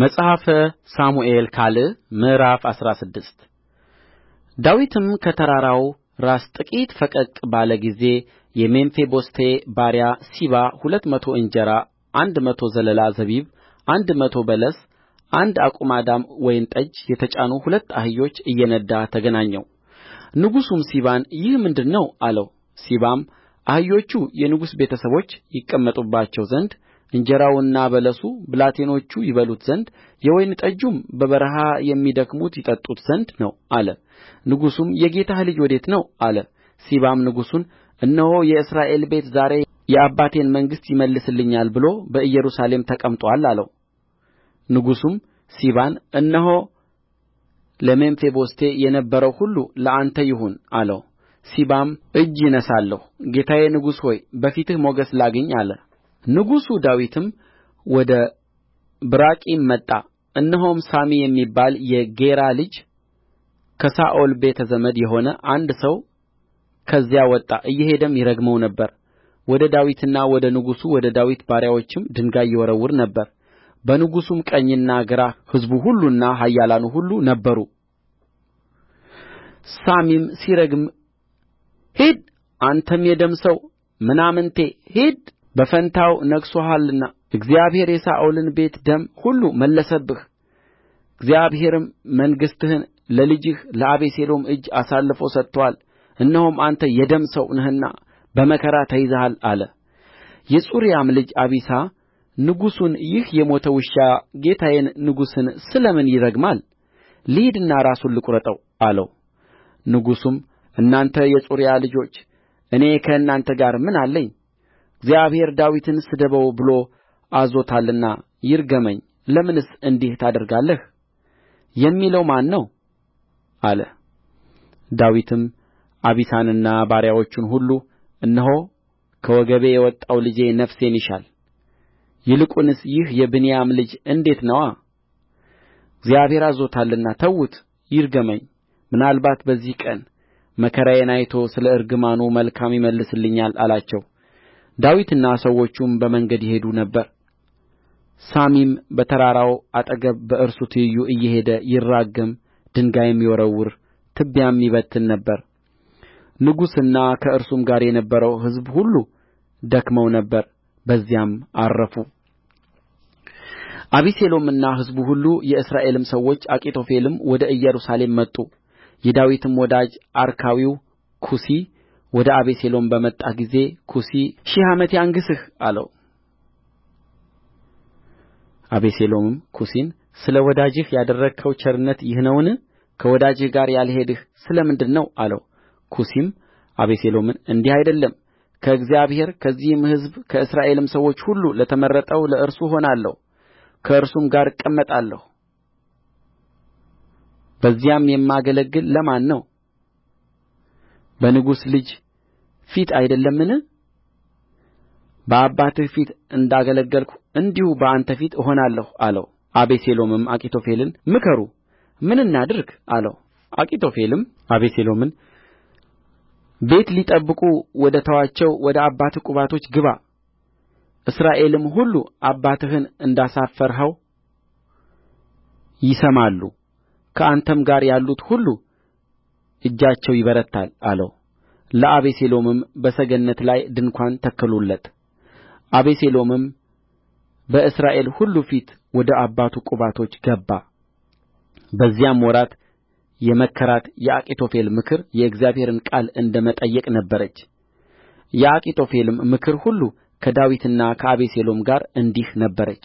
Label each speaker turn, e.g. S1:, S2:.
S1: መጽሐፈ ሳሙኤል ካል ምዕራፍ አስራ ስድስት ዳዊትም ከተራራው ራስ ጥቂት ፈቀቅ ባለ ጊዜ የሜምፊቦስቴ ባሪያ ሲባ ሁለት መቶ እንጀራ፣ አንድ መቶ ዘለላ ዘቢብ፣ አንድ መቶ በለስ፣ አንድ አቁማዳም ወይን ጠጅ የተጫኑ ሁለት አህዮች እየነዳ ተገናኘው። ንጉሡም ሲባን ይህ ምንድን ነው አለው። ሲባም አህዮቹ የንጉሥ ቤተሰቦች ይቀመጡባቸው ዘንድ እንጀራውና በለሱ ብላቴኖቹ ይበሉት ዘንድ የወይን ጠጁም በበረሀ የሚደክሙት ይጠጡት ዘንድ ነው አለ ንጉሡም የጌታህ ልጅ ወዴት ነው አለ ሲባም ንጉሡን እነሆ የእስራኤል ቤት ዛሬ የአባቴን መንግሥት ይመልስልኛል ብሎ በኢየሩሳሌም ተቀምጦአል አለው ንጉሡም ሲባን እነሆ ለሜምፊቦስቴ የነበረው ሁሉ ለአንተ ይሁን አለው ሲባም እጅ እነሣለሁ ጌታዬ ንጉሥ ሆይ በፊትህ ሞገስ ላግኝ አለ ንጉሡ ዳዊትም ወደ ብራቂም መጣ እነሆም ሳሚ የሚባል የጌራ ልጅ ከሳኦል ቤተ ዘመድ የሆነ አንድ ሰው ከዚያ ወጣ እየሄደም ይረግመው ነበር ወደ ዳዊትና ወደ ንጉሡ ወደ ዳዊት ባሪያዎችም ድንጋይ ይወረውር ነበር በንጉሡም ቀኝና ግራ ሕዝቡ ሁሉና ኃያላኑ ሁሉ ነበሩ ሳሚም ሲረግም ሂድ አንተም የደም ሰው ምናምንቴ ሂድ በፋንታው ነግሦሃልና እግዚአብሔር የሳኦልን ቤት ደም ሁሉ መለሰብህ እግዚአብሔርም መንግሥትህን ለልጅህ ለአቤሴሎም እጅ አሳልፎ ሰጥቶአል እነሆም አንተ የደም ሰው ነህና በመከራ ተይዘሃል አለ የጽሩያም ልጅ አቢሳ ንጉሡን ይህ የሞተ ውሻ ጌታዬን ንጉሡን ስለ ምን ይረግማል ልሂድና ራሱን ልቍረጠው አለው ንጉሡም እናንተ የጽሩያ ልጆች እኔ ከእናንተ ጋር ምን አለኝ እግዚአብሔር ዳዊትን ስደበው ብሎ አዝዞታልና ይርገመኝ ለምንስ እንዲህ ታደርጋለህ የሚለው ማን ነው አለ ዳዊትም አቢሳንና ባሪያዎቹን ሁሉ እነሆ ከወገቤ የወጣው ልጄ ነፍሴን ይሻል ይልቁንስ ይህ የብንያም ልጅ እንዴት ነዋ እግዚአብሔር አዝዞታልና ተዉት ይርገመኝ ምናልባት በዚህ ቀን መከራዬን አይቶ ስለ እርግማኑ መልካም ይመልስልኛል አላቸው ዳዊትና ሰዎቹም በመንገድ ይሄዱ ነበር ሳሚም በተራራው አጠገብ በእርሱ ትይዩ እየሄደ ይራገም ድንጋይም ይወረውር ትቢያም ይበትን ነበር ንጉሡና ከእርሱም ጋር የነበረው ሕዝብ ሁሉ ደክመው ነበር በዚያም ዐረፉ አቤሴሎምና ሕዝቡ ሁሉ የእስራኤልም ሰዎች አኪጦፌልም ወደ ኢየሩሳሌም መጡ የዳዊትም ወዳጅ አርካዊው ኩሲ ወደ አቤሴሎም በመጣ ጊዜ ኩሲ ሺህ ዓመት ያንግሥህ አለው አቤሴሎምም ኩሲን ስለ ወዳጅህ ያደረግኸው ቸርነት ይህ ነውን ከወዳጅህ ጋር ያልሄድህ ስለ ምንድር ነው አለው ኩሲም አቤሴሎምን እንዲህ አይደለም ከእግዚአብሔር ከዚህም ሕዝብ ከእስራኤልም ሰዎች ሁሉ ለተመረጠው ለእርሱ እሆናለሁ ከእርሱም ጋር እቀመጣለሁ በዚያም የማገለግል ለማን ነው በንጉሥ ልጅ ፊት አይደለምን በአባትህ ፊት እንዳገለገልሁ እንዲሁ በአንተ ፊት እሆናለሁ አለው አቤሴሎምም አኪጦፌልን ምከሩ ምን እናድርግ አለው አኪጦፌልም አቤሴሎምን ቤት ሊጠብቁ ወደ ተዋቸው ወደ አባትህ ቁባቶች ግባ እስራኤልም ሁሉ አባትህን እንዳሳፈርኸው ይሰማሉ ከአንተም ጋር ያሉት ሁሉ እጃቸው ይበረታል አለው ለአቤሴሎምም በሰገነት ላይ ድንኳን ተከሉለት አቤሴሎምም በእስራኤል ሁሉ ፊት ወደ አባቱ ቁባቶች ገባ በዚያም ወራት የመከራት የአኪጦፌል ምክር የእግዚአብሔርን ቃል እንደ መጠየቅ ነበረች የአኪጦፌልም ምክር ሁሉ ከዳዊትና ከአቤሴሎም ጋር እንዲህ ነበረች